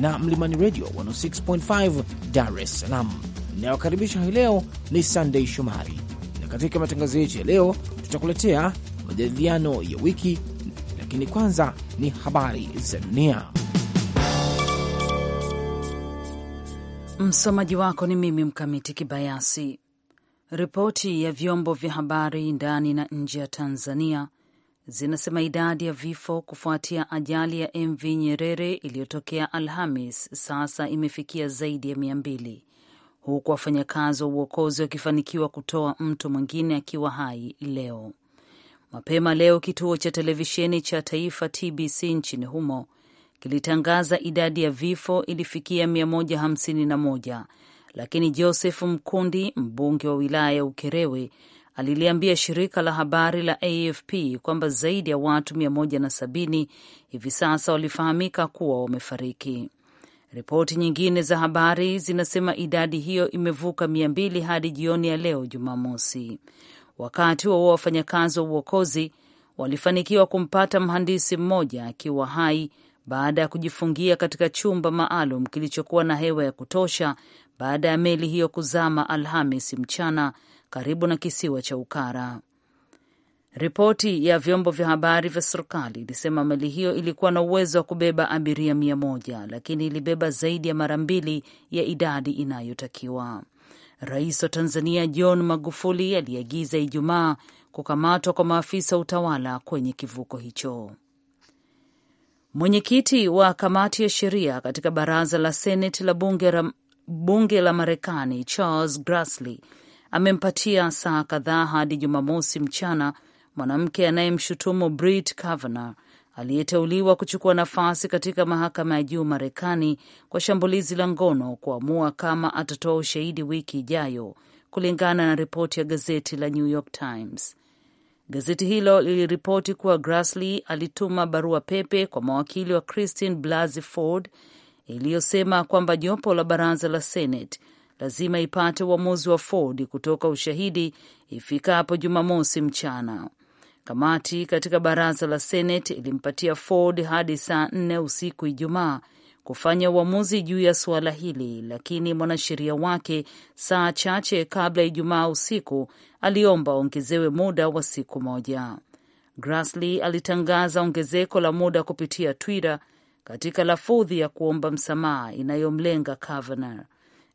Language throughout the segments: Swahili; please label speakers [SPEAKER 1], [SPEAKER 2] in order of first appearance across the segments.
[SPEAKER 1] na Mlimani Radio 106.5 Dar es Salaam. Inayokaribisha hii leo ni Sunday Shomari, na katika matangazo yetu ya leo tutakuletea majadiliano ya wiki, lakini kwanza ni habari za dunia.
[SPEAKER 2] Msomaji wako ni mimi Mkamiti Kibayasi. Ripoti ya vyombo vya habari ndani na nje ya Tanzania zinasema idadi ya vifo kufuatia ajali ya MV Nyerere iliyotokea Alhamis sasa imefikia zaidi ya mia mbili huku wafanyakazi wa uokozi wakifanikiwa kutoa mtu mwingine akiwa hai leo. Mapema leo kituo cha televisheni cha taifa TBC nchini humo kilitangaza idadi ya vifo ilifikia 151 lakini Joseph Mkundi, mbunge wa wilaya ya Ukerewe, aliliambia shirika la habari la AFP kwamba zaidi ya watu 170 hivi sasa walifahamika kuwa wamefariki. Ripoti nyingine za habari zinasema idadi hiyo imevuka 200 hadi jioni ya leo Jumamosi. Wakati wa wafanyakazi wa uokozi walifanikiwa kumpata mhandisi mmoja akiwa hai baada ya kujifungia katika chumba maalum kilichokuwa na hewa ya kutosha baada ya meli hiyo kuzama Alhamis mchana karibu na kisiwa cha Ukara. Ripoti ya vyombo vya habari vya serikali ilisema meli hiyo ilikuwa na uwezo wa kubeba abiria mia moja lakini ilibeba zaidi ya mara mbili ya idadi inayotakiwa. Rais wa Tanzania John Magufuli aliagiza Ijumaa kukamatwa kwa maafisa utawala kwenye kivuko hicho. Mwenyekiti wa kamati ya sheria katika baraza la Seneti la bunge la, bunge la Marekani Charles Grassley amempatia saa kadhaa hadi Jumamosi mchana mwanamke anayemshutumu Brett Kavanaugh aliyeteuliwa kuchukua nafasi katika mahakama ya juu Marekani kwa shambulizi la ngono kuamua kama atatoa ushahidi wiki ijayo, kulingana na ripoti ya gazeti la New York Times. Gazeti hilo liliripoti kuwa Grassley alituma barua pepe kwa mawakili wa Christine Blasey Ford iliyosema kwamba jopo la baraza la Senate lazima ipate uamuzi wa Ford kutoka ushahidi ifikapo Jumamosi mchana. Kamati katika baraza la Senate ilimpatia Ford hadi saa nne usiku Ijumaa kufanya uamuzi juu ya suala hili, lakini mwanasheria wake saa chache kabla Ijumaa usiku aliomba ongezewe muda wa siku moja. Grassley alitangaza ongezeko la muda kupitia Twitter katika lafudhi ya kuomba msamaha inayomlenga Kavanaugh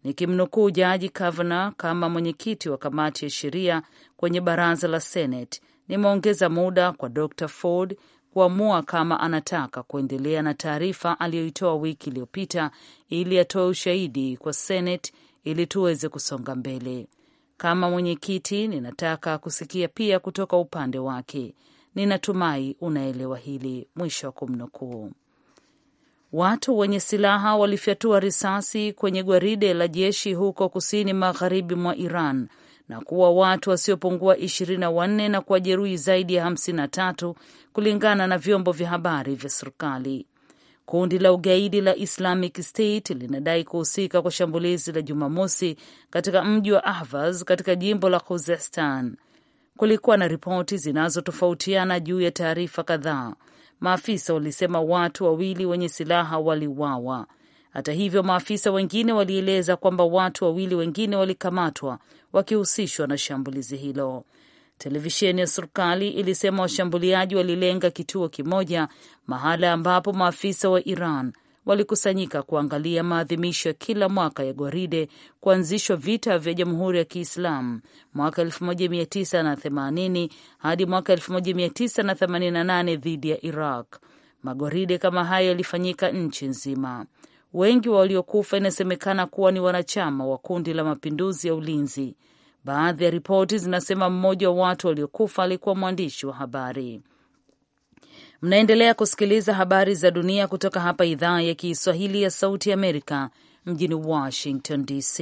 [SPEAKER 2] nikimnukuu Jaji Kavanaugh kama mwenyekiti wa kamati ya sheria kwenye baraza la Senate, nimeongeza muda kwa Dr Ford kuamua kama anataka kuendelea na taarifa aliyoitoa wiki iliyopita ili atoe ushahidi kwa Senate ili tuweze kusonga mbele. Kama mwenyekiti, ninataka kusikia pia kutoka upande wake. Ninatumai unaelewa hili. Mwisho wa kumnukuu. Watu wenye silaha walifyatua risasi kwenye gwaride la jeshi huko kusini magharibi mwa Iran na kuwa watu wasiopungua 24 na kuwa jeruhi kuwajeruhi zaidi ya 53 kulingana na vyombo vya habari vya serikali. Kundi la ugaidi la Islamic State linadai kuhusika kwa shambulizi la Jumamosi katika mji wa Ahvaz katika jimbo la Khuzestan. Kulikuwa na ripoti zinazotofautiana juu ya taarifa kadhaa Maafisa walisema watu wawili wenye silaha waliuawa. Hata hivyo, maafisa wengine walieleza kwamba watu wawili wengine walikamatwa wakihusishwa na shambulizi hilo. Televisheni ya serikali ilisema washambuliaji walilenga kituo kimoja, mahala ambapo maafisa wa Iran walikusanyika kuangalia maadhimisho ya kila mwaka ya gwaride kuanzishwa vita vya Jamhuri ya Kiislamu mwaka 1980 hadi mwaka 1988 dhidi ya Iraq. Magwaride kama hayo yalifanyika nchi nzima. Wengi waliokufa inasemekana kuwa ni wanachama wa kundi la mapinduzi ya ulinzi. Baadhi ya ripoti zinasema mmoja wa watu waliokufa alikuwa mwandishi wa habari. Mnaendelea kusikiliza habari za dunia kutoka hapa idhaa ya Kiswahili ya Sauti Amerika mjini Washington DC.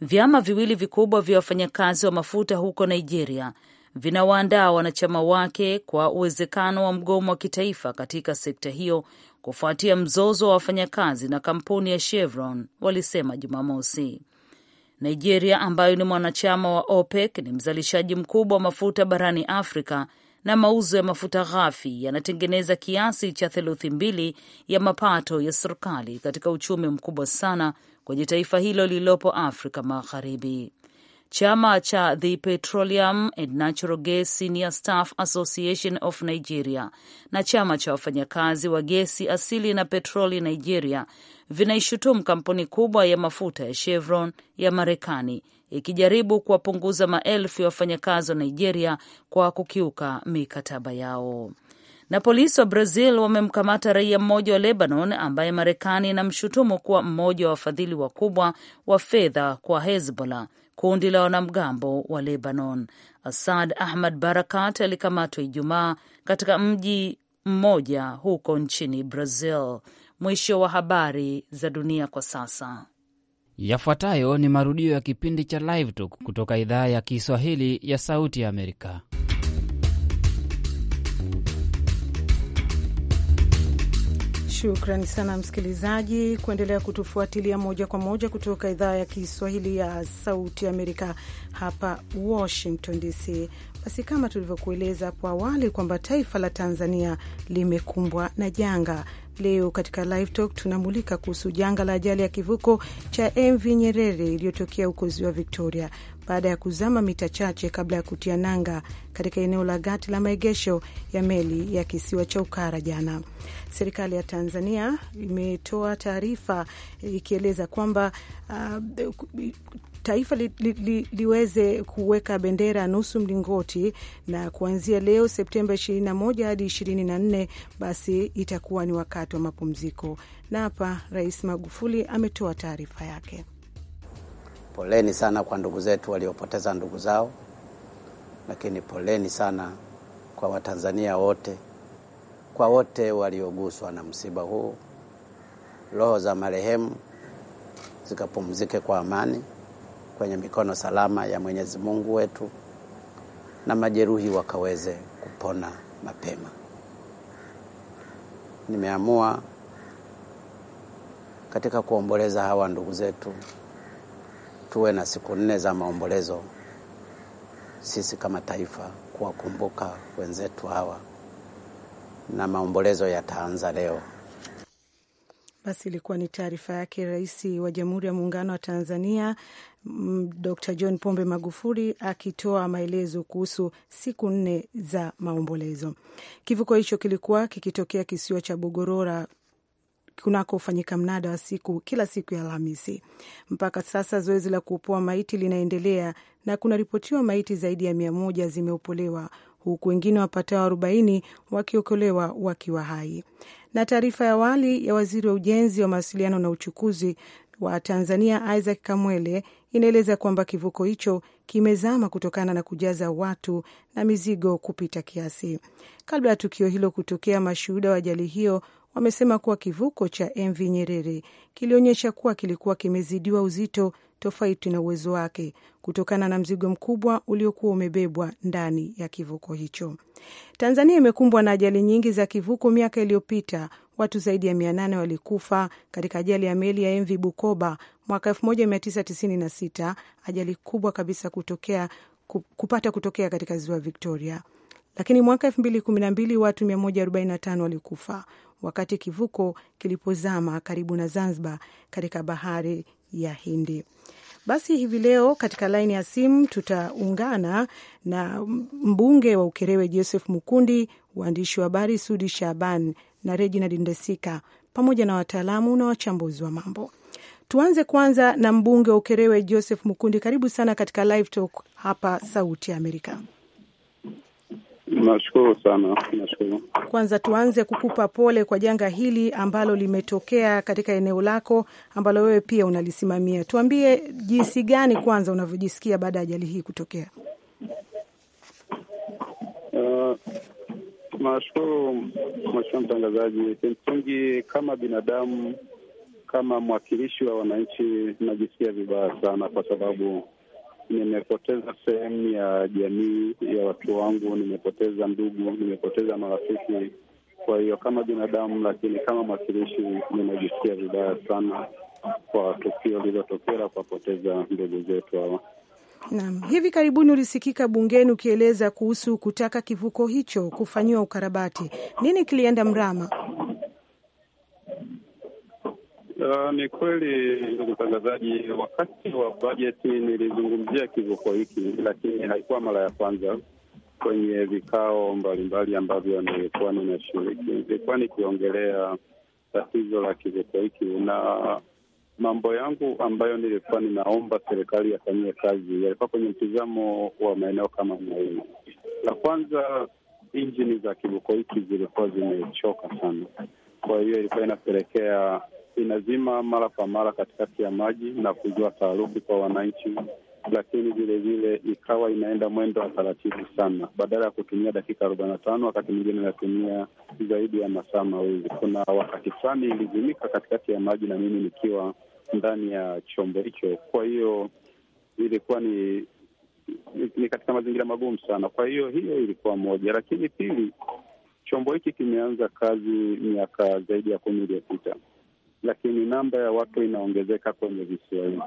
[SPEAKER 2] Vyama viwili vikubwa vya wafanyakazi wa mafuta huko Nigeria vinawaandaa wanachama wake kwa uwezekano wa mgomo wa kitaifa katika sekta hiyo kufuatia mzozo wa wafanyakazi na kampuni ya Chevron, walisema Jumamosi. Nigeria ambayo ni mwanachama wa OPEC ni mzalishaji mkubwa wa mafuta barani Afrika na mauzo ya mafuta ghafi yanatengeneza kiasi cha theluthi mbili ya mapato ya serikali katika uchumi mkubwa sana kwenye taifa hilo lililopo Afrika Magharibi. Chama cha The Petroleum and Natural Gas Senior Staff Association of Nigeria na chama cha wafanyakazi wa gesi asili na petroli Nigeria vinaishutumu kampuni kubwa ya mafuta ya Chevron ya Marekani ikijaribu kuwapunguza maelfu ya wafanyakazi wa Nigeria kwa kukiuka mikataba yao. Na polisi wa Brazil wamemkamata raia mmoja wa Lebanon ambaye Marekani inamshutumu kuwa mmoja wa wafadhili wakubwa wa fedha kwa Hezbollah, kundi la wanamgambo wa Lebanon. Asad Ahmad Barakat alikamatwa Ijumaa katika mji mmoja huko nchini Brazil. Mwisho wa habari za dunia kwa sasa.
[SPEAKER 3] Yafuatayo ni marudio ya kipindi cha Live Talk kutoka idhaa ya Kiswahili ya Sauti ya Amerika.
[SPEAKER 4] Shukrani sana msikilizaji kuendelea kutufuatilia moja kwa moja kutoka idhaa ya Kiswahili ya Sauti Amerika hapa Washington DC. Basi kama tulivyokueleza hapo awali kwamba taifa la Tanzania limekumbwa na janga Leo katika Live Talk tunamulika kuhusu janga la ajali ya kivuko cha MV Nyerere iliyotokea huko ziwa Victoria baada ya kuzama mita chache kabla ya kutia nanga katika eneo la gati la maegesho ya meli ya kisiwa cha Ukara jana. Serikali ya Tanzania imetoa taarifa ikieleza kwamba uh, taifa li, li, li, liweze kuweka bendera nusu mlingoti, na kuanzia leo Septemba 21 hadi 24, basi itakuwa ni wakati wa mapumziko. Na hapa Rais Magufuli ametoa taarifa yake.
[SPEAKER 1] Poleni sana kwa ndugu zetu waliopoteza ndugu zao, lakini poleni sana kwa Watanzania wote, kwa wote walioguswa na msiba huu. Roho za marehemu zikapumzike kwa amani kwenye mikono salama ya Mwenyezi Mungu wetu na majeruhi wakaweze kupona mapema. Nimeamua katika kuomboleza hawa ndugu zetu tuwe na siku nne za maombolezo, sisi kama taifa kuwakumbuka wenzetu hawa, na maombolezo yataanza leo.
[SPEAKER 4] Basi ilikuwa ni taarifa yake Rais wa Jamhuri ya Muungano wa Tanzania Mm, Dr. John Pombe Magufuli akitoa maelezo kuhusu siku nne za maombolezo. Kivuko hicho kilikuwa kikitokea kisiwa cha Bogorora kunakofanyika mnada wa siku kila siku ya Alhamisi. Mpaka sasa zoezi la kuopoa maiti linaendelea na kunaripotiwa maiti zaidi ya mia moja zimeopolewa huku wengine wapatao arobaini wakiokolewa wakiwa hai. Na taarifa ya awali ya waziri wa ujenzi wa mawasiliano na uchukuzi wa Tanzania Isaac Kamwele inaeleza kwamba kivuko hicho kimezama kutokana na kujaza watu na mizigo kupita kiasi. Kabla ya tukio hilo kutokea, mashuhuda wa ajali hiyo wamesema kuwa kivuko cha MV Nyerere kilionyesha kuwa kilikuwa kimezidiwa uzito tofauti na uwezo wake kutokana na mzigo mkubwa uliokuwa umebebwa ndani ya kivuko hicho. Tanzania imekumbwa na ajali nyingi za kivuko miaka iliyopita. Watu zaidi ya mia nane walikufa katika ajali ya meli ya MV Bukoba Mwaka 1996 ajali kubwa kabisa kutokea, kupata kutokea katika ziwa Victoria, lakini mwaka 2012 watu 145 walikufa wakati kivuko kilipozama karibu na Zanzibar katika bahari ya Hindi. Basi hivi leo katika laini ya simu tutaungana na mbunge wa Ukerewe Joseph Mukundi, waandishi wa habari Sudi Shaban na Reginald Ndesika pamoja na wataalamu na wachambuzi wa mambo. Tuanze kwanza na mbunge wa Ukerewe Joseph Mukundi, karibu sana katika Live Talk hapa Sauti ya Amerika.
[SPEAKER 5] Nashukuru sana, nashukuru.
[SPEAKER 4] Kwanza tuanze kukupa pole kwa janga hili ambalo limetokea katika eneo lako ambalo wewe pia unalisimamia. Tuambie jinsi gani kwanza unavyojisikia baada ya ajali hii kutokea.
[SPEAKER 5] Uh, nashukuru mheshimiwa mtangazaji. Kimsingi kama binadamu kama mwakilishi wa wananchi najisikia vibaya sana, kwa sababu nimepoteza sehemu ya jamii ya watu wangu, nimepoteza ndugu, nimepoteza marafiki. Kwa hiyo kama binadamu, lakini kama mwakilishi nimejisikia vibaya sana kwa tukio lililotokea la kuwapoteza ndugu zetu hawa.
[SPEAKER 4] Naam, hivi karibuni ulisikika bungeni ukieleza kuhusu kutaka kivuko hicho kufanyiwa ukarabati. Nini kilienda mrama?
[SPEAKER 5] Uh, ni kweli ndugu mtangazaji, wakati wa bajeti nilizungumzia kivuko hiki, lakini haikuwa mara ya kwanza kwenye vikao mbalimbali ambavyo nilikuwa ninashiriki. Nilikuwa nikiongelea tatizo la kivuko hiki na mambo yangu ambayo nilikuwa ninaomba serikali yafanyie kazi yalikuwa kwenye mtizamo wa maeneo kama mawili. La kwanza, injini za kivuko hiki zilikuwa zimechoka sana, kwa hiyo ilikuwa inapelekea inazima mara kwa mara katikati ya maji na kujua taharuki kwa wananchi, lakini vilevile ikawa inaenda mwendo wa taratibu sana, badala ya kutumia dakika arobaini na tano wakati mwingine inatumia zaidi ya masaa mawili. Kuna wakati fulani ilizimika katikati ya maji na mimi nikiwa ndani ya chombo hicho, kwa hiyo ilikuwa ni ni katika mazingira magumu sana. Kwa hiyo hiyo ilikuwa moja, lakini pili, chombo hiki kimeanza kazi miaka zaidi ya kumi iliyopita lakini namba ya watu inaongezeka kwenye visiwa hivi.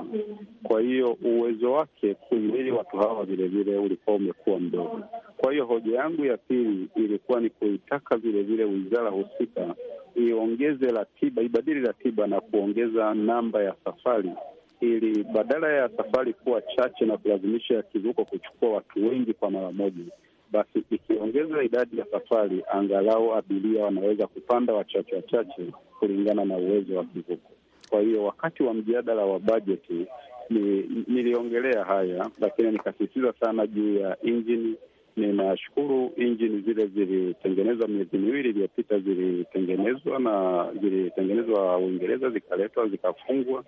[SPEAKER 5] Kwa hiyo uwezo wake kuhimili watu hawa vilevile ulikuwa umekuwa mdogo. Kwa hiyo hoja yangu ya pili ilikuwa ni kuitaka vilevile wizara husika iongeze ratiba, ibadili ratiba na kuongeza namba ya safari ili badala ya safari kuwa chache na kulazimisha kivuko kuchukua watu wengi kwa mara moja, basi ikiongeza idadi ya safari, angalau abiria wanaweza kupanda wachache wachache kulingana na uwezo wa kivuko. Kwa hiyo wakati wa mjadala wa bajeti ni, niliongelea haya lakini nikasisitiza sana juu ya injini. Ninashukuru injini zile zilitengenezwa miezi miwili iliyopita, zilitengenezwa na zilitengenezwa Uingereza, zikaletwa zikafungwa,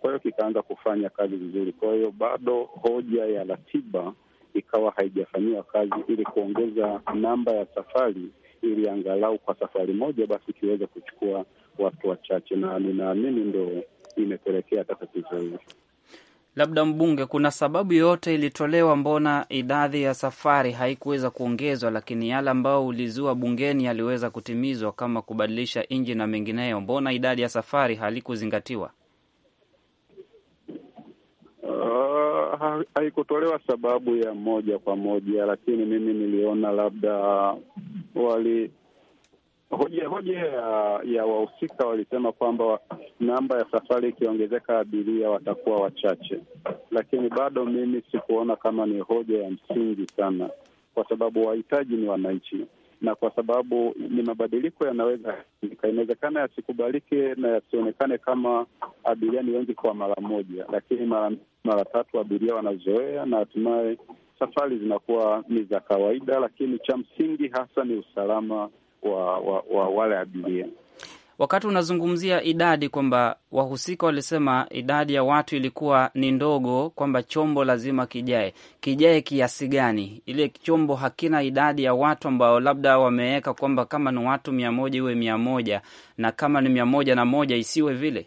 [SPEAKER 5] kwa hiyo kikaanza kufanya kazi vizuri. Kwa hiyo bado hoja ya ratiba ikawa haijafanyiwa kazi ili kuongeza namba ya safari ili angalau kwa safari moja basi ikiweza kuchukua watu wachache, na ninaamini ndo imepelekea hata tatizo hili.
[SPEAKER 3] Labda mbunge, kuna sababu yoyote ilitolewa? Mbona idadi ya safari haikuweza kuongezwa, lakini yale ambayo ulizua bungeni yaliweza kutimizwa, kama kubadilisha injini na mengineyo? Mbona idadi ya safari halikuzingatiwa?
[SPEAKER 5] uh haikutolewa ha, sababu ya moja kwa moja, lakini mimi niliona labda wali hoja hoja ya, ya wahusika walisema kwamba namba ya safari ikiongezeka abiria watakuwa wachache, lakini bado mimi sikuona kama ni hoja ya msingi sana, kwa sababu wahitaji ni wananchi, na kwa sababu ni mabadiliko yanaweza inawezekana yasikubalike na yasionekane kama abiria ni wengi kwa mara moja, lakini mara mara tatu, abiria wanazoea na hatimaye safari zinakuwa ni za kawaida, lakini cha msingi hasa ni usalama wa, wa, wa wale abiria.
[SPEAKER 3] Wakati unazungumzia idadi kwamba wahusika walisema idadi ya watu ilikuwa ni ndogo, kwamba chombo lazima kijae. Kijae kiasi gani? Ile chombo hakina idadi ya watu ambao labda wameweka kwamba kama ni watu mia moja iwe mia moja na kama ni mia moja na moja isiwe vile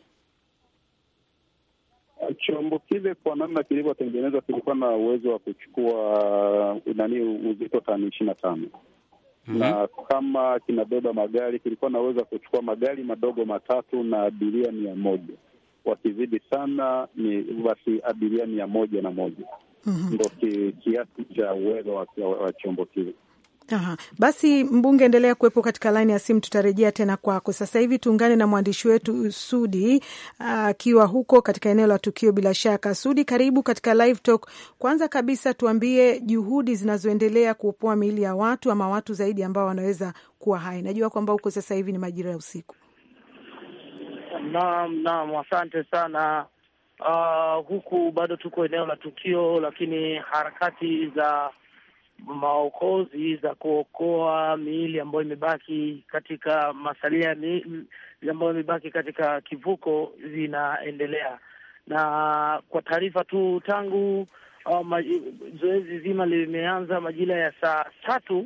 [SPEAKER 5] kile kwa namna kilivyotengenezwa kilikuwa na uwezo wa kuchukua uh, nani uzito tani ishirini na tano mm -hmm. na kama kinabeba magari kilikuwa na uwezo wa kuchukua magari madogo matatu na abiria mia moja wakizidi sana ni basi abiria mia moja na moja mm -hmm. ndo kiasi cha uwezo wa chombo kile.
[SPEAKER 4] Aha. Basi mbunge, endelea kuwepo katika laini ya simu, tutarejea tena kwako. Sasa hivi tuungane na mwandishi wetu Sudi akiwa uh, huko katika eneo la tukio. Bila shaka, Sudi, karibu katika Live Talk. Kwanza kabisa, tuambie juhudi zinazoendelea kuopoa miili ya watu ama watu zaidi ambao wanaweza kuwa hai. Najua kwamba huko sasa hivi ni majira ya usiku.
[SPEAKER 6] Naam, naam, asante sana. Uh, huku bado tuko eneo la tukio, lakini harakati za maokozi za kuokoa miili ambayo imebaki katika masalia ambayo imebaki katika kivuko zinaendelea. Na kwa taarifa tu, tangu uh, zoezi zima limeanza majira ya saa tatu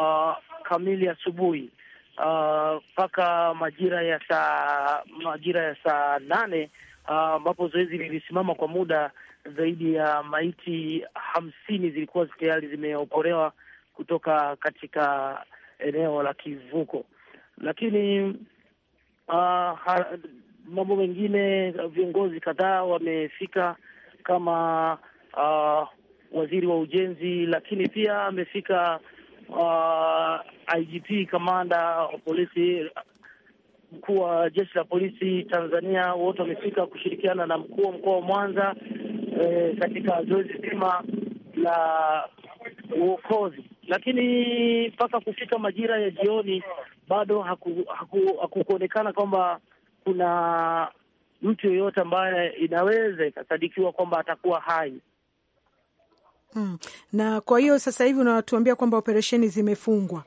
[SPEAKER 6] uh, kamili asubuhi uh, mpaka uh, majira ya saa majira ya saa nane Ah, ambapo uh, zoezi lilisimama kwa muda. Zaidi ya maiti hamsini zilikuwa tayari zimeokolewa kutoka katika eneo la kivuko, lakini uh, mambo mengine, viongozi kadhaa wamefika kama uh, waziri wa ujenzi, lakini pia amefika uh, IGP kamanda wa polisi mkuu wa jeshi la polisi Tanzania wote wamefika kushirikiana na mkuu wa mkoa wa Mwanza e, katika zoezi zima la uokozi, lakini mpaka kufika majira ya jioni bado hakukuonekana haku, kwamba kuna mtu yoyote ambaye inaweza ikasadikiwa kwamba atakuwa hai.
[SPEAKER 4] Hmm. Na kwa hiyo sasa hivi unatuambia kwamba operesheni zimefungwa?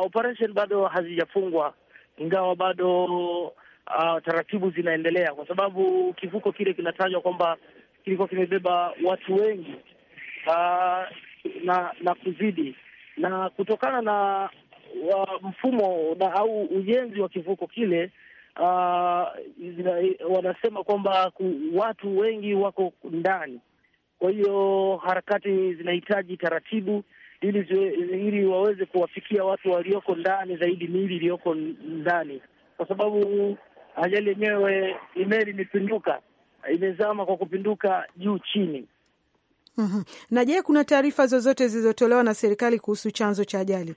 [SPEAKER 6] Operesheni bado hazijafungwa, ingawa bado uh, taratibu zinaendelea, kwa sababu kivuko kile kinatajwa kwamba kilikuwa kimebeba watu wengi uh, na na kuzidi, na kutokana na wa mfumo na au ujenzi wa kivuko kile uh, wanasema kwamba watu wengi wako ndani, kwa hiyo harakati zinahitaji taratibu ili, ili waweze kuwafikia watu walioko ndani zaidi, miili iliyoko ndani, kwa sababu ajali yenyewe meli imepinduka, imezama kwa kupinduka juu chini. Mm-hmm.
[SPEAKER 4] Na je, kuna taarifa zozote zilizotolewa na serikali kuhusu chanzo cha ajali?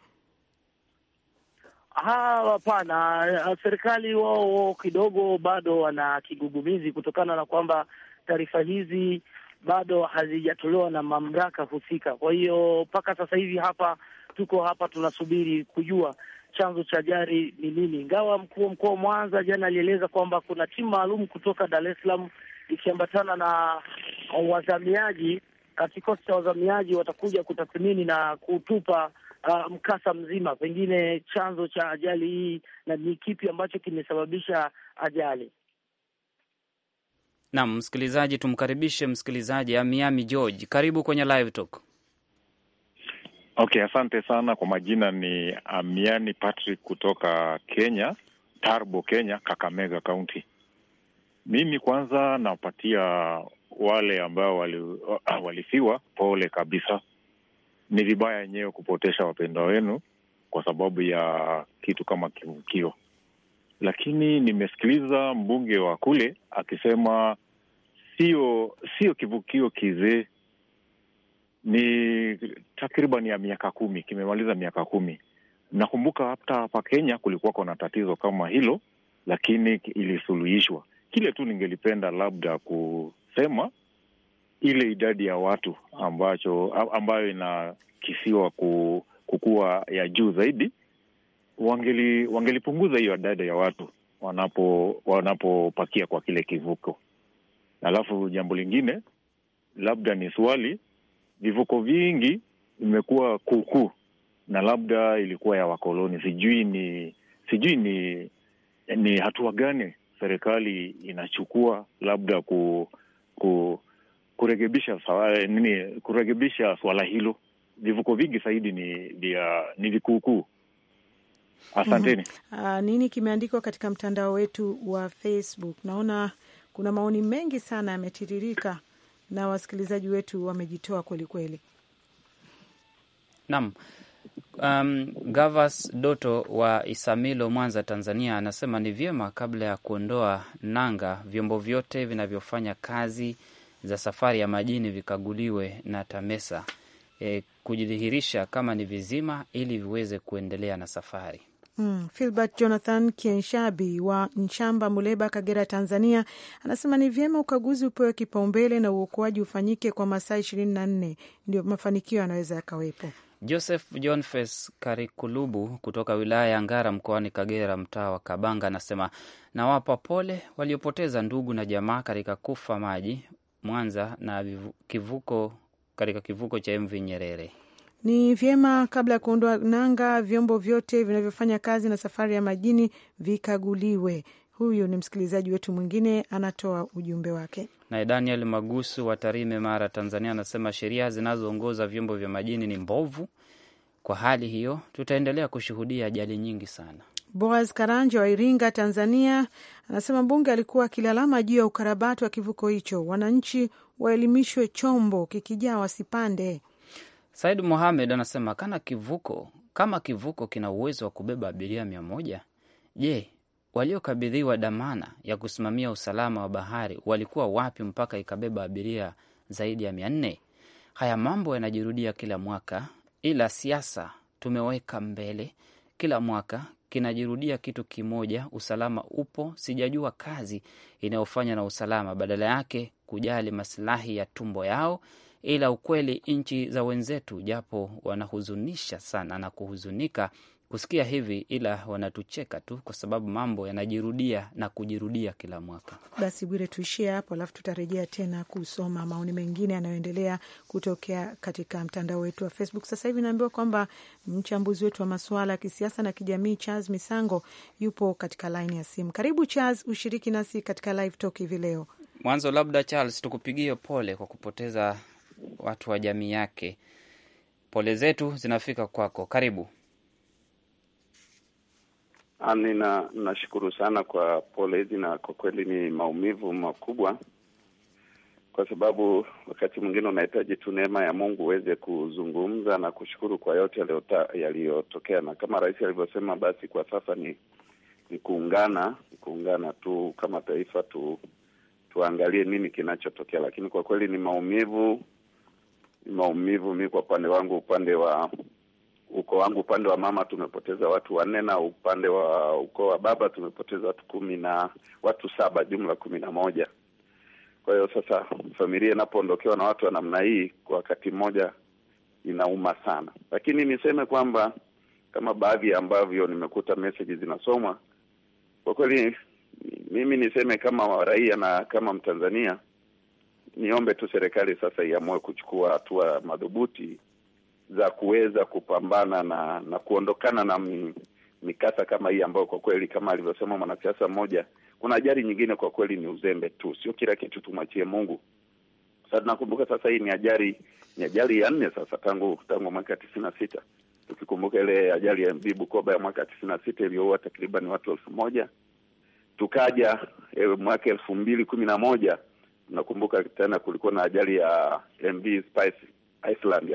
[SPEAKER 6] Hapana, serikali wao kidogo bado wana kigugumizi kutokana na kwamba taarifa hizi bado hazijatolewa na mamlaka husika. Kwa hiyo mpaka sasa hivi hapa tuko hapa tunasubiri kujua chanzo cha gari ni nini, ingawa mkuu wa mkoa wa Mwanza jana alieleza kwamba kuna timu maalum kutoka Dar es Salaam ikiambatana na wazamiaji, kikosi cha wazamiaji watakuja kutathmini na kutupa uh, mkasa mzima, pengine chanzo cha ajali hii na ni kipi ambacho kimesababisha ajali.
[SPEAKER 3] Nam msikilizaji, tumkaribishe msikilizaji Amiami George, karibu kwenye Live Talk.
[SPEAKER 7] Okay, asante sana kwa majina. Ni uh, Amiani Patrick kutoka Kenya, Tarbo, Kenya, Kakamega Kaunti. Mimi kwanza napatia wale ambao uh, walifiwa pole kabisa. Ni vibaya yenyewe kupotesha wapendwa wenu kwa sababu ya kitu kama kivukio lakini nimesikiliza mbunge wa kule akisema sio sio kivukio kizee, ni takriban ya miaka kumi, kimemaliza miaka kumi. Nakumbuka hata hapa Kenya kulikuwa na tatizo kama hilo, lakini ilisuluhishwa. Kile tu ningelipenda labda kusema ile idadi ya watu ambacho ambayo inakisiwa ku, kukuwa ya juu zaidi wangeli wangelipunguza hiyo adada ya watu wanapo wanapopakia kwa kile kivuko. Alafu jambo lingine labda ni swali, vivuko vingi imekuwa kuukuu na labda ilikuwa ya wakoloni. Sijui ni sijui ni ni hatua gani serikali inachukua labda ku, ku kurekebisha eh, nini, kurekebisha swala hilo. Vivuko vingi zaidi ni vya ni vikuukuu
[SPEAKER 4] Asanteni. mm -hmm. Uh, nini kimeandikwa katika mtandao wetu wa Facebook? Naona kuna maoni mengi sana yametiririka na wasikilizaji wetu wamejitoa kwelikweli.
[SPEAKER 3] Naam. Um, Gavas Doto wa Isamilo, Mwanza, Tanzania, anasema ni vyema kabla ya kuondoa nanga vyombo vyote vinavyofanya kazi za safari ya majini vikaguliwe na TAMESA e, kujidhihirisha kama ni vizima ili viweze kuendelea na safari.
[SPEAKER 4] Hmm, Filbert Jonathan Kienshabi wa Nshamba, Muleba, Kagera, Tanzania, anasema ni vyema ukaguzi upewe kipaumbele na uokoaji ufanyike kwa masaa ishirini na nne ndio mafanikio yanaweza yakawepo.
[SPEAKER 3] Joseph johnfes Karikulubu kutoka wilaya ya Ngara mkoani Kagera, mtaa wa Kabanga, anasema nawapa pole waliopoteza ndugu na jamaa katika kufa maji Mwanza na kivuko katika kivuko cha MV Nyerere.
[SPEAKER 4] Ni vyema kabla ya kuondoa nanga vyombo vyote vinavyofanya kazi na safari ya majini vikaguliwe. Huyu ni msikilizaji wetu mwingine anatoa ujumbe wake.
[SPEAKER 3] Naye Daniel Magusu wa Tarime, Mara, Tanzania, anasema sheria zinazoongoza vyombo vya majini ni mbovu. Kwa hali hiyo, tutaendelea kushuhudia ajali nyingi sana.
[SPEAKER 4] Boaz Karanja wa Iringa, Tanzania, anasema mbunge alikuwa akilalama juu ya ukarabati wa kivuko hicho. Wananchi waelimishwe, chombo kikijaa wasipande.
[SPEAKER 3] Said Mohamed anasema kana kivuko kama kivuko kina uwezo wa kubeba abiria mia moja, je, waliokabidhiwa dhamana ya kusimamia usalama wa bahari walikuwa wapi mpaka ikabeba abiria zaidi ya mia nne? Haya mambo yanajirudia kila mwaka, ila siasa tumeweka mbele. Kila mwaka kinajirudia kitu kimoja, usalama upo, sijajua kazi inayofanya na usalama, badala yake kujali masilahi ya tumbo yao. Ila ukweli nchi za wenzetu, japo wanahuzunisha sana na kuhuzunika kusikia hivi, ila wanatucheka tu, kwa sababu mambo yanajirudia na kujirudia kila mwaka.
[SPEAKER 4] Basi Bwire, tuishie hapo, alafu tutarejea tena kusoma maoni mengine yanayoendelea kutokea katika mtandao wetu wa Facebook. Sasa hivi naambiwa kwamba mchambuzi wetu wa masuala ya kisiasa na kijamii Charles Misango yupo katika laini ya simu. Karibu Charles, ushiriki nasi katika live talk hivi leo.
[SPEAKER 3] Mwanzo labda Charles, tukupigie pole kwa kupoteza watu wa jamii yake. Pole zetu zinafika kwako. Karibu.
[SPEAKER 8] Amina, nashukuru sana kwa pole hizi, na kwa kweli ni maumivu makubwa, kwa sababu wakati mwingine unahitaji tu neema ya Mungu uweze kuzungumza na kushukuru kwa yote yaliyotokea, na kama rais alivyosema, basi kwa sasa ni ni kuungana, kuungana tu kama taifa tu, tuangalie nini kinachotokea, lakini kwa kweli ni maumivu, ni maumivu. Mi kwa upande wangu, upande wa ukoo wangu upande wa mama tumepoteza watu wanne na upande wa ukoo wa baba tumepoteza watu kumi na watu saba, jumla kumi na moja. Kwa hiyo sasa familia inapoondokewa na watu wa namna hii kwa wakati mmoja inauma sana, lakini niseme kwamba kama baadhi ambavyo nimekuta meseji zinasomwa, kwa kweli mimi niseme kama raia na kama Mtanzania niombe tu serikali sasa iamue kuchukua hatua madhubuti za kuweza kupambana na na kuondokana na mikasa kama hii ambayo kwa kweli kama alivyosema mwanasiasa mmoja, kuna ajali nyingine kwa kweli ni uzembe tu, sio kila kitu tumwachie Mungu. sa tunakumbuka sasa hii ni ajali ni ajali ya nne sasa tangu tangu mwaka tisini na sita tukikumbuka ile ajali ya MV Bukoba ya mwaka tisini na sita iliyoua takriban watu elfu moja tukaja eh, mwaka elfu mbili kumi na moja tunakumbuka tena kulikuwa na ajali ya MV Spice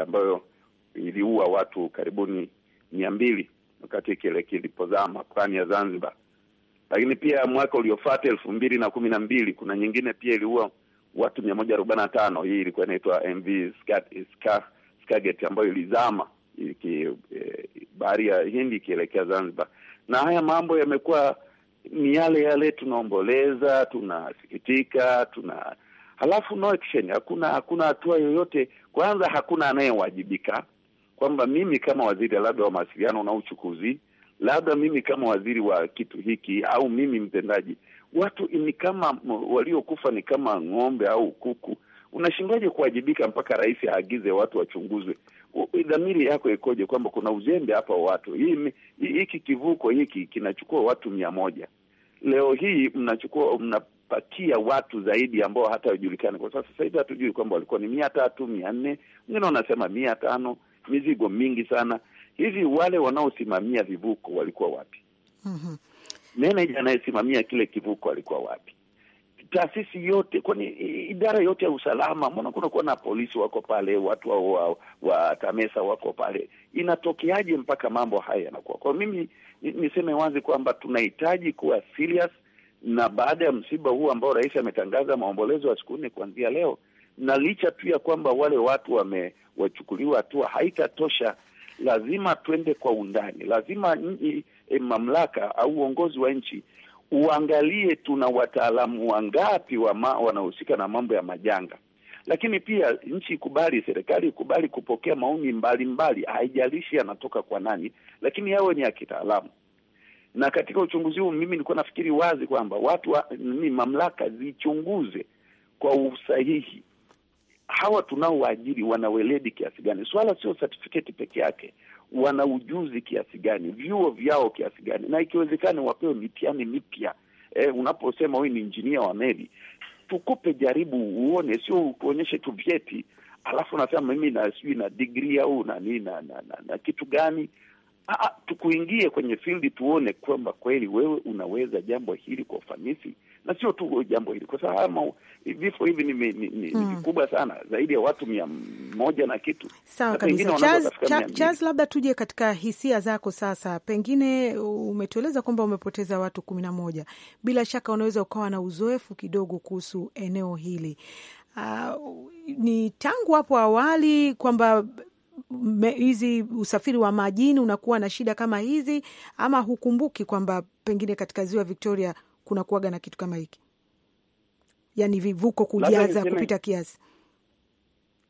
[SPEAKER 8] ambayo iliua watu karibuni mia mbili wakati kile kilipozama pwani ya Zanzibar. Lakini pia mwaka uliofata elfu mbili na kumi na mbili kuna nyingine pia iliua watu mia moja arobaini na tano. Hii ilikuwa inaitwa MV ambayo ilizama e, bahari ya Hindi ikielekea Zanzibar. Na haya mambo yamekuwa ni yale yale, tunaomboleza, tunasikitika, tuna halafu no action, hakuna hakuna hatua yoyote. Kwanza hakuna anayewajibika kwamba mimi kama waziri labda wa mawasiliano na uchukuzi, labda mimi kama waziri wa kitu hiki, au mimi mtendaji, watu ni kama waliokufa ni kama ng'ombe au kuku. Unashindwaje kuwajibika mpaka rais aagize watu wachunguzwe? Dhamiri yako ikoje kwamba kuna uzembe hapa wa watu? hiki kivuko hiki kinachukua watu mia moja leo hii mnachukua mnapakia watu zaidi ambao hata hajulikani kwa sasa. Sasa hivi hatujui kwamba walikuwa ni mia tatu mia nne wengine wanasema mia tano mizigo mingi sana. Hivi wale wanaosimamia vivuko walikuwa wapi? mm -hmm. Meneja anayesimamia kile kivuko alikuwa wapi? Taasisi yote, kwani idara yote ya usalama, mbona kunakuwa na polisi wako pale, watu wao wa, wa TAMESA wako pale? Inatokeaje mpaka mambo haya yanakuwa? Kwa mimi niseme wazi kwamba tunahitaji kuwa serious, na baada ya msiba huu ambao rais ametangaza maombolezo ya siku nne kuanzia leo, na licha tu ya kwamba wale watu wamewachukuliwa hatua, haitatosha. Lazima twende kwa undani, lazima nyi e, mamlaka au uongozi wa nchi uangalie tuna wataalamu wangapi wa wanaohusika na mambo ya majanga, lakini pia nchi ikubali, serikali ikubali kupokea maoni mbalimbali, haijalishi yanatoka kwa nani, lakini yawe ni ya kitaalamu. Na katika uchunguzi huu mimi nilikuwa nafikiri wazi kwamba watu wa, ni mamlaka zichunguze kwa usahihi hawa tunaowaajiri wana weledi kiasi gani? Swala sio certificate peke yake, wana ujuzi kiasi gani, vyuo vyao kiasi gani, na ikiwezekana wapewe mitihani mipya. Eh, unaposema huyu ni injinia wa meli, tukupe jaribu uone, sio tuonyeshe tu vyeti alafu nasema mimi na sijui na degree au na nini na, na, na, na kitu gani. Aa, ah, ah, tukuingie kwenye field tuone kwamba kweli wewe unaweza jambo hili kwa ufanisi na sio tu jambo hili, kwa sababu vifo hivi ni hmm. vikubwa mm. sana, zaidi ya watu mia moja na
[SPEAKER 4] kitu. Sawa kabisa, Charles, labda tuje katika hisia zako sasa. Pengine umetueleza kwamba umepoteza watu kumi na moja, bila shaka unaweza ukawa na uzoefu kidogo kuhusu eneo hili. Uh, ni tangu hapo awali kwamba hizi usafiri wa majini unakuwa na shida kama hizi, ama hukumbuki kwamba pengine katika ziwa Victoria kuna kuaga na kitu kama hiki, yaani vivuko kujaza kupita kiasi.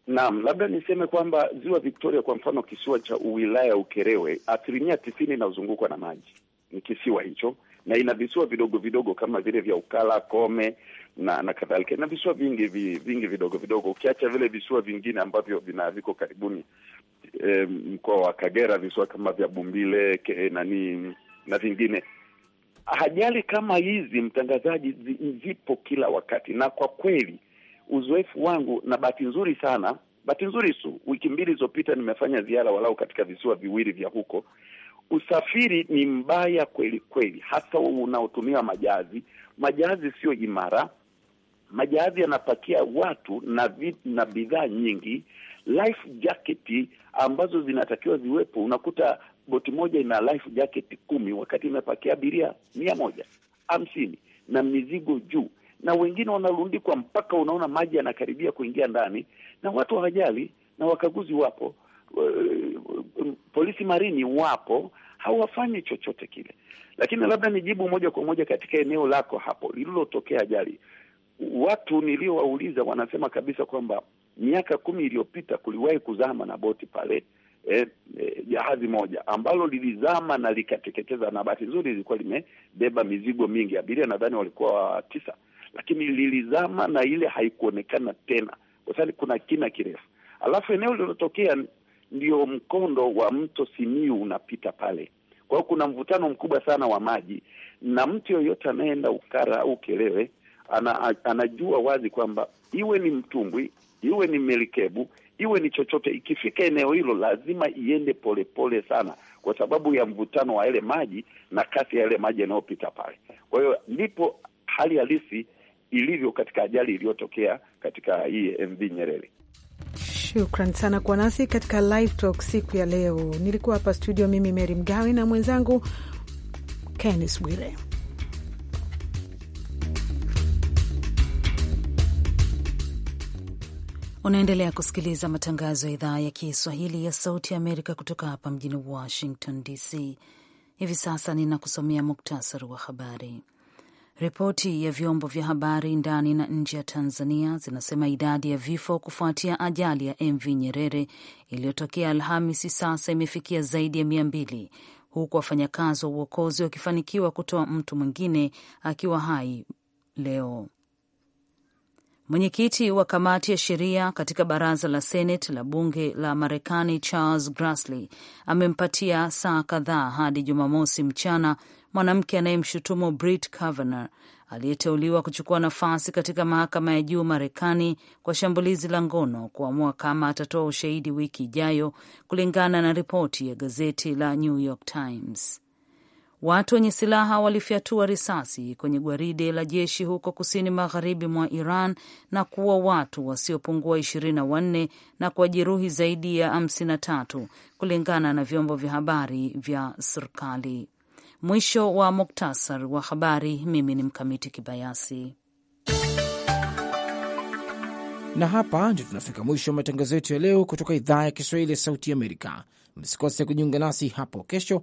[SPEAKER 8] Naam, labda niseme kwamba ziwa Victoria kwa mfano, kisiwa cha wilaya Ukerewe, asilimia tisini inazungukwa na maji, ni kisiwa hicho, na ina visiwa vidogo vidogo kama vile vya Ukala, Kome na na kadhalika, na visiwa vingi vingi vidogo vidogo, ukiacha vile visiwa vingine ambavyo vina viko karibuni e, mkoa wa Kagera, visiwa kama vya Bumbile ke, eh, nani na vingine ajali kama hizi mtangazaji, zipo kila wakati, na kwa kweli uzoefu wangu na bahati nzuri sana, bahati nzuri tu, wiki mbili zilizopita nimefanya ziara walau katika visiwa viwili vya huko. Usafiri ni mbaya kweli kweli, hasa unaotumia majazi. Majazi sio imara, majazi yanapakia watu na na bidhaa nyingi. Life jacket ambazo zinatakiwa ziwepo, unakuta boti moja ina life jacket kumi wakati imepakia abiria mia moja hamsini na mizigo juu, na wengine wanarundikwa mpaka unaona maji yanakaribia kuingia ndani, na watu hawajali, na wakaguzi wapo, polisi marini wapo, hawafanyi chochote kile. Lakini labda nijibu moja kwa moja katika eneo lako hapo lililotokea ajali. Watu niliowauliza wanasema kabisa kwamba miaka kumi iliyopita kuliwahi kuzama na boti pale jahazi eh, eh, moja ambalo lilizama na likateketeza, na bahati nzuri lilikuwa limebeba mizigo mingi, abiria nadhani walikuwa tisa, lakini lilizama na ile haikuonekana tena, kwa sababu kuna kina kirefu. Alafu eneo lililotokea ndio mkondo wa mto Simiu unapita pale, kwa hiyo kuna mvutano mkubwa sana wa maji, na mtu yoyote anayeenda Ukara au Ukerewe ana, anajua wazi kwamba iwe ni mtumbwi iwe ni merikebu iwe ni chochote, ikifika eneo hilo lazima iende polepole pole sana, kwa sababu ya mvutano wa yale maji na kasi ya yale maji yanayopita pale. Kwa hiyo ndipo hali halisi ilivyo katika ajali iliyotokea katika hii MV Nyerere.
[SPEAKER 4] Shukran sana kwa nasi katika Live Talk siku ya leo. Nilikuwa hapa studio, mimi Mary Mgawe na mwenzangu
[SPEAKER 2] Kennis Bwire. Unaendelea kusikiliza matangazo ya idhaa ya Kiswahili ya Sauti ya Amerika kutoka hapa mjini Washington DC. Hivi sasa ninakusomea muktasari wa habari. Ripoti ya vyombo vya habari ndani na nje ya Tanzania zinasema idadi ya vifo kufuatia ajali ya MV Nyerere iliyotokea Alhamisi sasa imefikia zaidi ya mia mbili huku wafanyakazi wa uokozi wakifanikiwa kutoa mtu mwingine akiwa hai leo. Mwenyekiti wa kamati ya sheria katika baraza la Seneti la bunge la Marekani, Charles Grassley, amempatia saa kadhaa hadi Jumamosi mchana mwanamke anayemshutumu Brett Kavanaugh aliyeteuliwa kuchukua nafasi katika mahakama ya juu Marekani kwa shambulizi la ngono kuamua kama atatoa ushahidi wiki ijayo, kulingana na ripoti ya gazeti la New York Times. Watu wenye silaha walifyatua risasi kwenye gwaride la jeshi huko kusini magharibi mwa Iran na kuua watu wasiopungua ishirini na jeruhi zaidi ya 53 kulingana na vyombo vya habari vya serikali. Mwisho wa muktasar wa habari. Mimi ni Mkamiti Kibayasi,
[SPEAKER 1] na hapa ndio tunafika mwisho wa matangazo yetu ya leo kutoka idhaa ya Kiswahili ya Sauti Amerika. Msikose kujiunga nasi hapo kesho